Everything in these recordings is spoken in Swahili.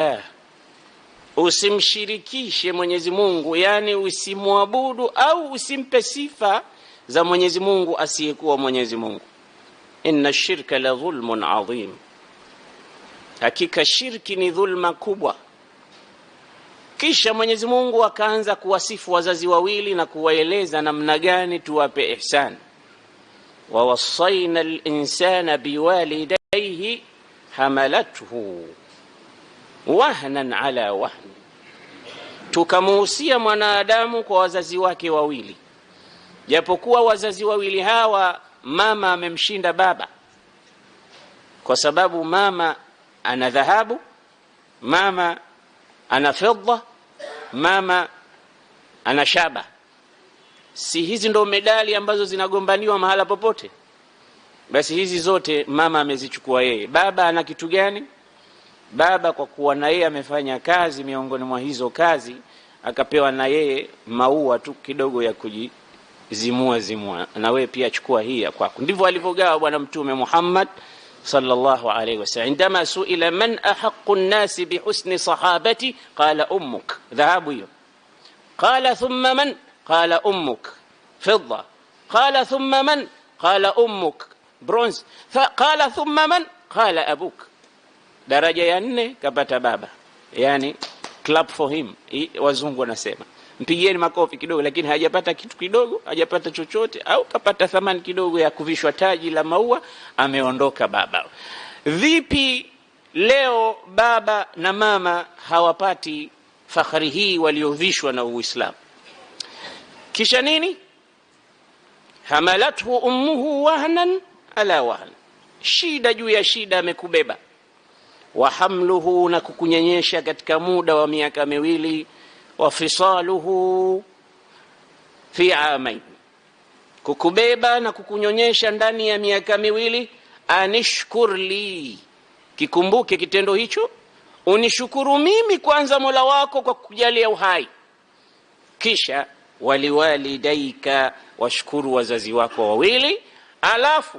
Eh, usimshirikishe Mwenyezi Mungu, yani usimwabudu au usimpe sifa za Mwenyezi Mungu asiyekuwa Mwenyezi Mungu. Inna shirka la dhulmun adhim, hakika shirki ni dhulma kubwa. Kisha Mwenyezi Mungu akaanza kuwasifu wazazi wawili na kuwaeleza namna gani tuwape ihsan. Wawassaina linsana biwalidaihi hamalathu wahnan ala wahn, tukamuhusia mwanadamu kwa wazazi wake wawili, japokuwa wazazi wawili hawa mama amemshinda baba, kwa sababu mama ana dhahabu, mama ana fedha, mama ana shaba. Si hizi ndo medali ambazo zinagombaniwa mahala popote? Basi hizi zote mama amezichukua yeye. Baba ana kitu gani? baba, kwa kuwa na yeye amefanya kazi miongoni mwa hizo kazi, akapewa na yeye maua tu kidogo ya kujizimua zimua, na wewe pia chukua hii ya kwako. Ndivyo alivyogawa Bwana Mtume Muhammad sallallahu alayhi wasallam. Indama suila man ahaqu nasi bihusni sahabati qala ummuk, dhahabu hiyo. Qala thumma man qala ummuk, fidda. Qala thumma man qala ummuk, bronze. Qala thumma man qala abuk Daraja ya nne kapata baba, yani clap for him, wazungu wanasema mpigieni makofi kidogo, lakini hajapata kitu kidogo, hajapata chochote, au kapata thamani kidogo ya kuvishwa taji la maua. Ameondoka baba. Vipi leo baba na mama hawapati fakhari hii waliovishwa na Uislamu? Kisha nini? hamalathu ummuhu wahnan ala wahn, shida juu ya shida amekubeba wa hamluhu, na kukunyenyesha katika muda wa miaka miwili, wa fisaluhu fi amain, kukubeba na kukunyonyesha ndani ya miaka miwili. Anishkur li, kikumbuke kitendo hicho, unishukuru mimi kwanza Mola wako kwa kujalia uhai, kisha waliwalidaika, washukuru wazazi wako wawili, alafu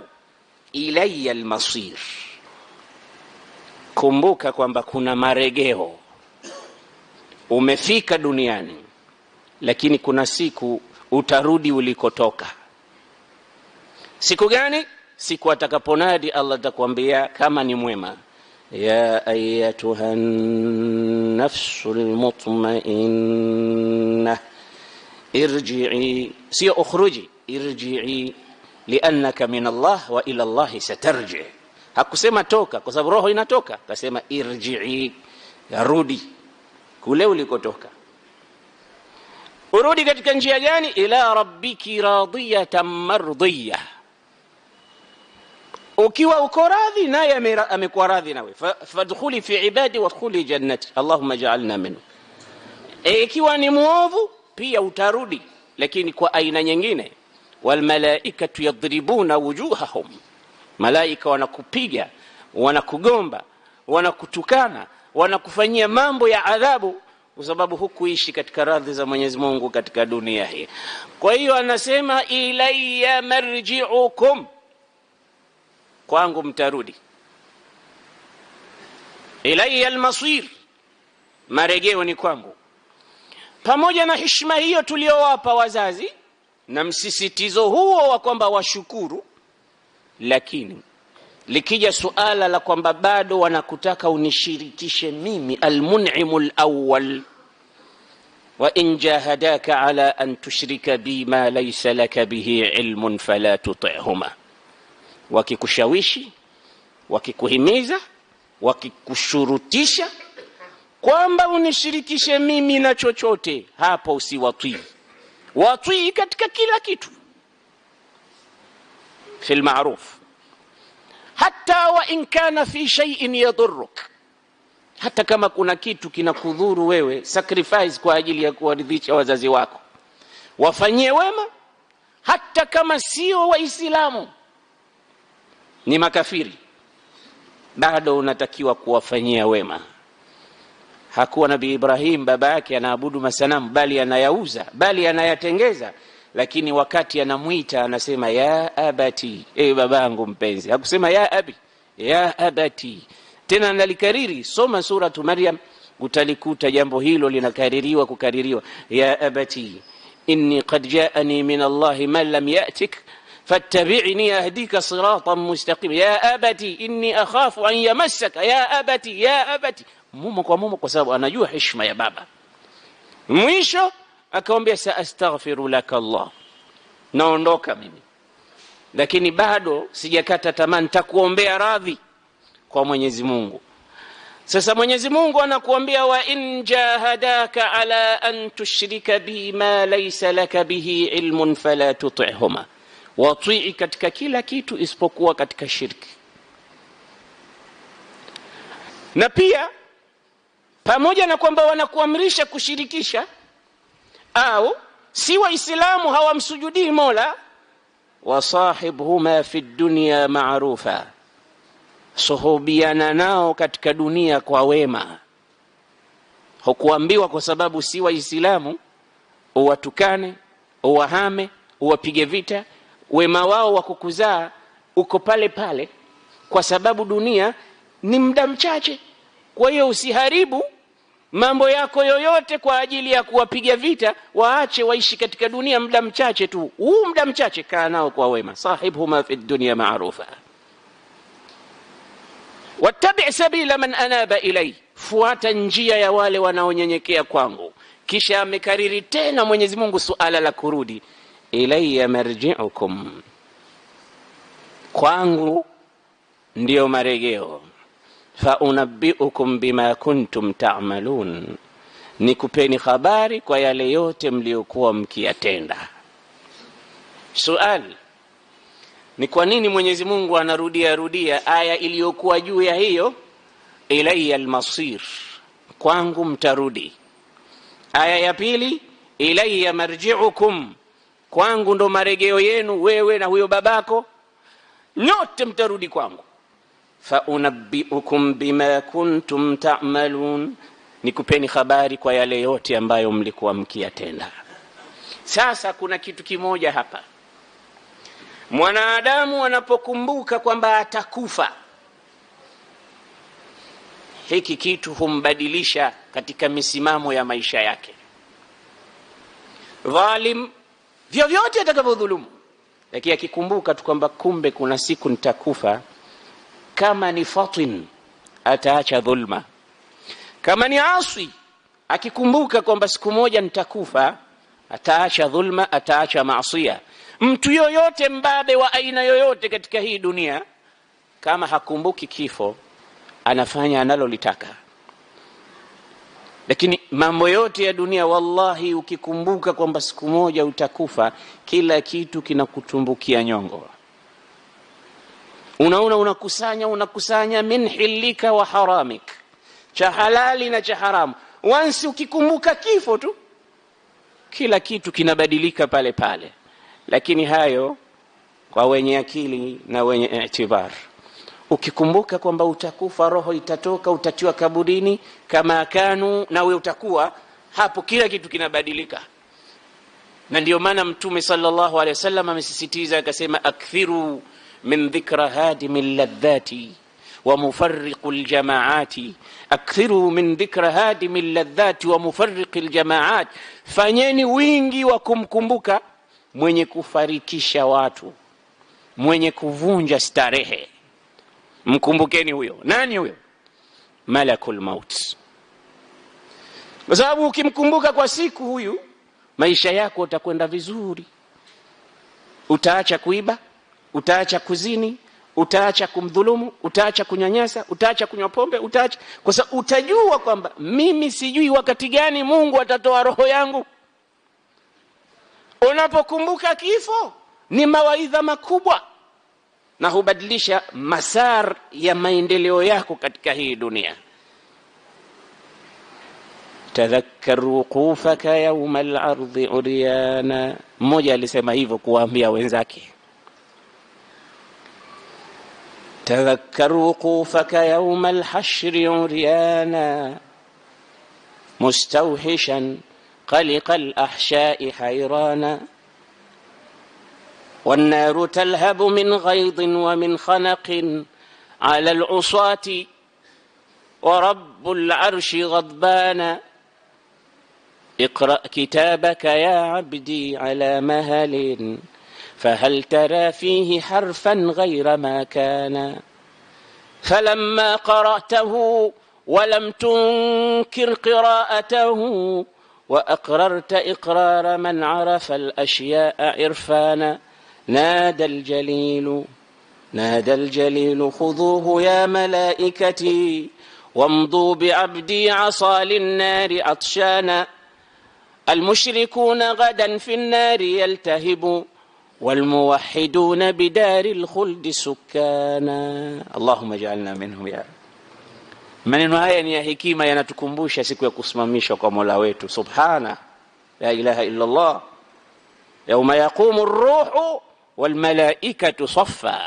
ilaya lmasir kumbuka kwamba kuna maregeo Umefika duniani, lakini kuna siku utarudi ulikotoka. Siku gani? Siku atakaponadi Allah atakwambia kama ni mwema, ya ayatuha nafsul mutmainna irji'i, sio ukhruji, irji'i liannaka min Allah wa ila Allah satarji hakusema toka kwa sababu roho inatoka, akasema irjii, yarudi kule ulikotoka. Urudi katika njia gani? Ila rabbiki radiyatan mardiya ukiwa uko radhi naye amekuwa radhi nawe. Fadkhuli fi ibadi wadkhuli jannati, allahumma ja'alna minhu. Ikiwa ni muovu pia utarudi, lakini kwa aina nyingine. Walmalaikatu yadribuna wujuhahum malaika wanakupiga, wanakugomba, wanakutukana, wanakufanyia mambo ya adhabu kwa sababu hukuishi katika radhi za Mwenyezi Mungu katika dunia hii. Kwa hiyo anasema ilayya marji'ukum, kwangu mtarudi. Ilayya almasir, marejeo ni kwangu. Pamoja na heshima hiyo tuliowapa wazazi na msisitizo huo wa kwamba washukuru lakini likija suala la kwamba bado wanakutaka unishirikishe mimi almunimu alawwal wa in jahadaka ala an tushrika bi ma laysa laka bihi ilmun fala tutihuma, wakikushawishi wakikuhimiza wakikushurutisha kwamba unishirikishe mimi na chochote, hapo usiwatii. Watii katika kila kitu fil ma'ruf hata wa in kana fi shay'in yadhurruk, hata kama kuna kitu kinakudhuru wewe, sacrifice kwa ajili ya kuwaridhisha wazazi wako, wafanyie wema hata kama sio Waislamu, ni makafiri, bado unatakiwa kuwafanyia wema. Hakuwa Nabii Ibrahim baba yake anaabudu masanamu, bali anayauza, bali anayatengeza lakini wakati anamwita anasema ya abati, e babangu mpenzi. Hakusema ya abi, ya abati. Tena analikariri, soma suratu Maryam utalikuta jambo hilo linakaririwa kukaririwa, ya abati inni qad jaani min Allahi man lam yatik fattabi'ni ahdika siratan mustaqim ya abati inni akhafu an yamassaka ya abati ya abati, mumo kwa mumo, kwa sababu anajua heshima ya baba. Mwisho akamwambia saastaghfiru laka Allah, naondoka mimi, lakini bado sijakata tamaa, nitakuombea radhi kwa Mwenyezi Mungu. Sasa Mwenyezi Mungu anakuambia, wa in jahadaka ala an tushrika bi ma laysa laka bihi ilmun fala tutihuma, watii katika kila kitu isipokuwa katika shirki. Na pia pamoja na kwamba wanakuamrisha kushirikisha au si waislamu hawamsujudii mola wasahibhuma fi dunya marufa suhubiana nao katika dunia kwa wema hukuambiwa kwa sababu si waislamu uwatukane uwahame uwapige vita wema wao wa kukuzaa uko pale pale kwa sababu dunia ni muda mchache kwa hiyo usiharibu mambo yako yoyote kwa ajili ya kuwapiga vita, waache waishi katika dunia muda mchache tu. Huu muda mchache kaa nao kwa wema, sahibhuma fi dunya marufa wattabi sabila man anaba ilai, fuata njia ya wale wanaonyenyekea kwangu. Kisha amekariri tena Mwenyezi Mungu suala la kurudi, ilaya marjiukum, kwangu ndiyo maregeo faunabbiukum bima kuntum ta'malun, kupeni habari kwa yale yote mliokuwa mkiyatenda. Suali ni kwa nini Mwenyezi Mungu anarudia rudia aya iliyokuwa juu ya hiyo, ilaya almasir, kwangu mtarudi. Aya ya pili, ilaya marjiukum, kwangu ndo marejeo yenu, wewe na huyo babako, nyote mtarudi kwangu faunabbiukum bima kuntum tamalun, nikupeni habari kwa yale yote ambayo mlikuwa mkiyatenda. Sasa kuna kitu kimoja hapa, mwanadamu anapokumbuka kwamba atakufa, hiki kitu humbadilisha katika misimamo ya maisha yake. Dhalim vyovyote atakavyodhulumu, lakini akikumbuka tu kwamba kumbe kuna siku nitakufa kama ni fatin ataacha dhulma. Kama ni asi akikumbuka kwamba siku moja nitakufa, ataacha dhulma, ataacha maasia. Mtu yoyote mbabe wa aina yoyote katika hii dunia, kama hakumbuki kifo, anafanya analolitaka. Lakini mambo yote ya dunia, wallahi, ukikumbuka kwamba siku moja utakufa, kila kitu kinakutumbukia nyongo unaona unakusanya unakusanya min hilika wa haramik cha halali na cha haramu wansi ukikumbuka kifo tu kila kitu kinabadilika pale pale lakini hayo kwa wenye akili na wenye itibar ukikumbuka kwamba utakufa roho itatoka utatiwa kaburini kama kanu nawe utakuwa hapo kila kitu kinabadilika na ndio maana mtume sallallahu alaihi wasallam amesisitiza akasema akthiru min dhikra hadimi lladhati wa mufarriqu ljamaati, akthiru min dhikra hadimi lladhati wa ljamaati fanyeni wingi wa kumkumbuka mwenye kufarikisha watu, mwenye kuvunja starehe. Mkumbukeni huyo. Nani huyo? Malakul maut, kwa sababu ukimkumbuka kwa siku huyu, maisha yako utakwenda vizuri, utaacha kuiba Utaacha kuzini, utaacha kumdhulumu, utaacha kunyanyasa, utaacha kunywa pombe, utaacha kwa sababu utajua kwamba mimi sijui wakati gani Mungu atatoa roho yangu. Unapokumbuka kifo ni mawaidha makubwa na hubadilisha masar ya maendeleo yako katika hii dunia. Tadhakkar wuqufaka yawma al-ardi uryana, mmoja alisema hivyo kuwaambia wenzake تذكر وقوفك يوم الحشر عريانا مستوحشا قلق الأحشاء حيرانا والنار تلهب من غيظ ومن خنق على العصاة ورب العرش غضبانا اقرأ كتابك يا عبدي على مهل فهل ترى فيه حرفا غير ما كان فلما قرأته ولم تنكر قراءته وأقررت إقرار من عرف الأشياء عرفانا نادى الجليل نادى الجليل خذوه يا ملائكتي وامضوا بعبدي عصى للنار عطشانا المشركون غدا في النار يلتهبوا والموحدون بدار الخلد سكانا Allahumma ja'alna minhum ya Maneno haya ni ya hekima, yanatukumbusha siku ya kusimamishwa kwa Mola wetu subhana la ilaha illa Allah, yauma yaqumu ruhu wal malaikatu saffa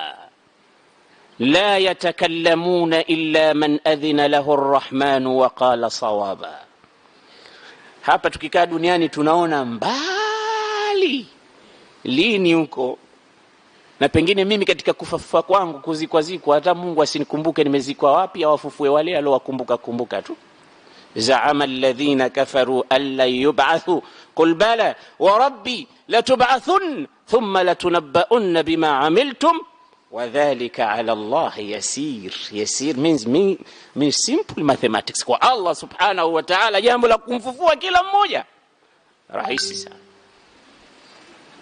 la yatakallamuna illa man adhina lahu arrahmanu wa qala sawaba. Hapa tukikaa duniani tunaona mbali lini huko na pengine mimi katika kufa kwangu kuzikwazikwa, hata Mungu asinikumbuke nimezikwa wapi, awafufue wale alowakumbuka kumbuka tu. Zaama alladhina kafaru an lan yubathu qul bala wa rabbi latubathun thumma latunabbaunna bima amiltum wadhalika ala llahi yasir. Yasir means, means simple mathematics. Kwa Allah subhanahu wa ta'ala, jambo la kumfufua kila mmoja rahisi sana.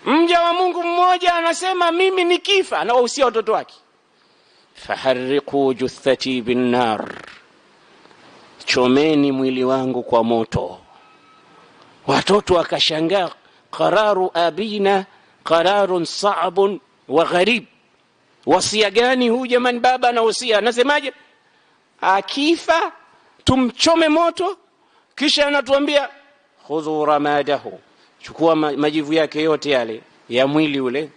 Mja wa Mungu mmoja anasema mimi nikifa, anawahusia watoto wake, faharriqu juthati binnar, chomeni mwili wangu kwa moto. Watoto wakashangaa, qararu abina qararun sabun wa gharib. Wasia gani huu jamani? Baba anahusia, anasemaje? Akifa tumchome moto, kisha anatuambia khudhu ramadahu chukua majivu yake yote yale ya mwili ule,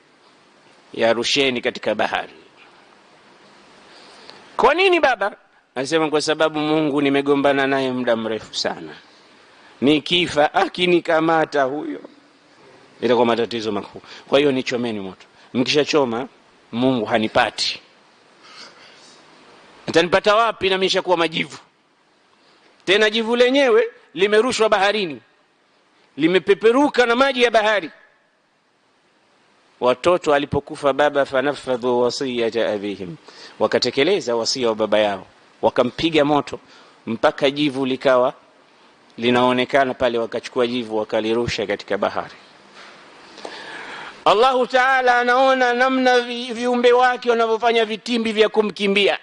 yarusheni katika bahari. Kwa nini baba? Anasema kwa sababu Mungu nimegombana naye muda mrefu sana, nikifa akinikamata huyo itakuwa matatizo makubwa. Kwa hiyo nichomeni moto, mkishachoma Mungu hanipati. Atanipata wapi? na mishakuwa majivu tena, jivu lenyewe limerushwa baharini limepeperuka na maji ya bahari. Watoto alipokufa baba, fanafadhu wasiyata abihim, wakatekeleza wasia wa baba yao, wakampiga moto mpaka jivu likawa linaonekana pale, wakachukua jivu wakalirusha katika bahari. Allahu Taala anaona namna viumbe wake wanavyofanya vitimbi vya kumkimbia.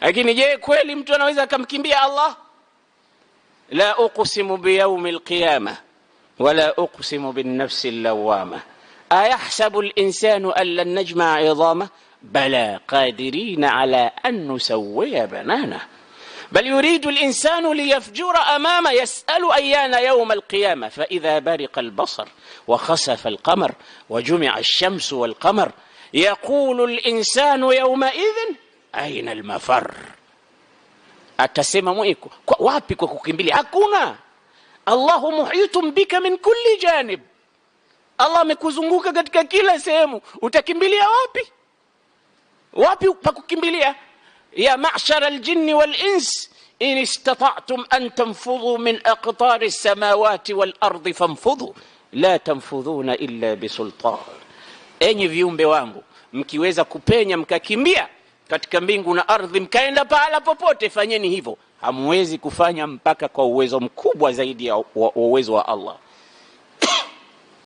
Lakini je, kweli mtu anaweza akamkimbia Allah? لا أقسم بيوم القيامة ولا أقسم بالنفس اللوامة أيحسب الإنسان أن لن نجمع عظامه بلى قادرين على أن نسوي بنانه بل يريد الإنسان ليفجر أمامه يسأل أيان يوم القيامة فإذا برق البصر وخسف القمر وجمع الشمس والقمر يقول الإنسان يومئذ أين المفر atasema mwiko kwa wapi kwa kukimbilia hakuna allahu muhitun bika min kulli janib allah amekuzunguka katika kila sehemu utakimbilia wapi wapi pa kukimbilia ya ma'shara aljinni wal ins in istata'tum an tanfudhu min aqtari samawati wal ardi fanfudhu la tanfudhuna illa bisultan enyi viumbe wangu mkiweza kupenya mkakimbia katika mbingu na ardhi, mkaenda pahala popote, fanyeni hivyo. Hamwezi kufanya mpaka kwa uwezo mkubwa zaidi ya uwezo wa Allah.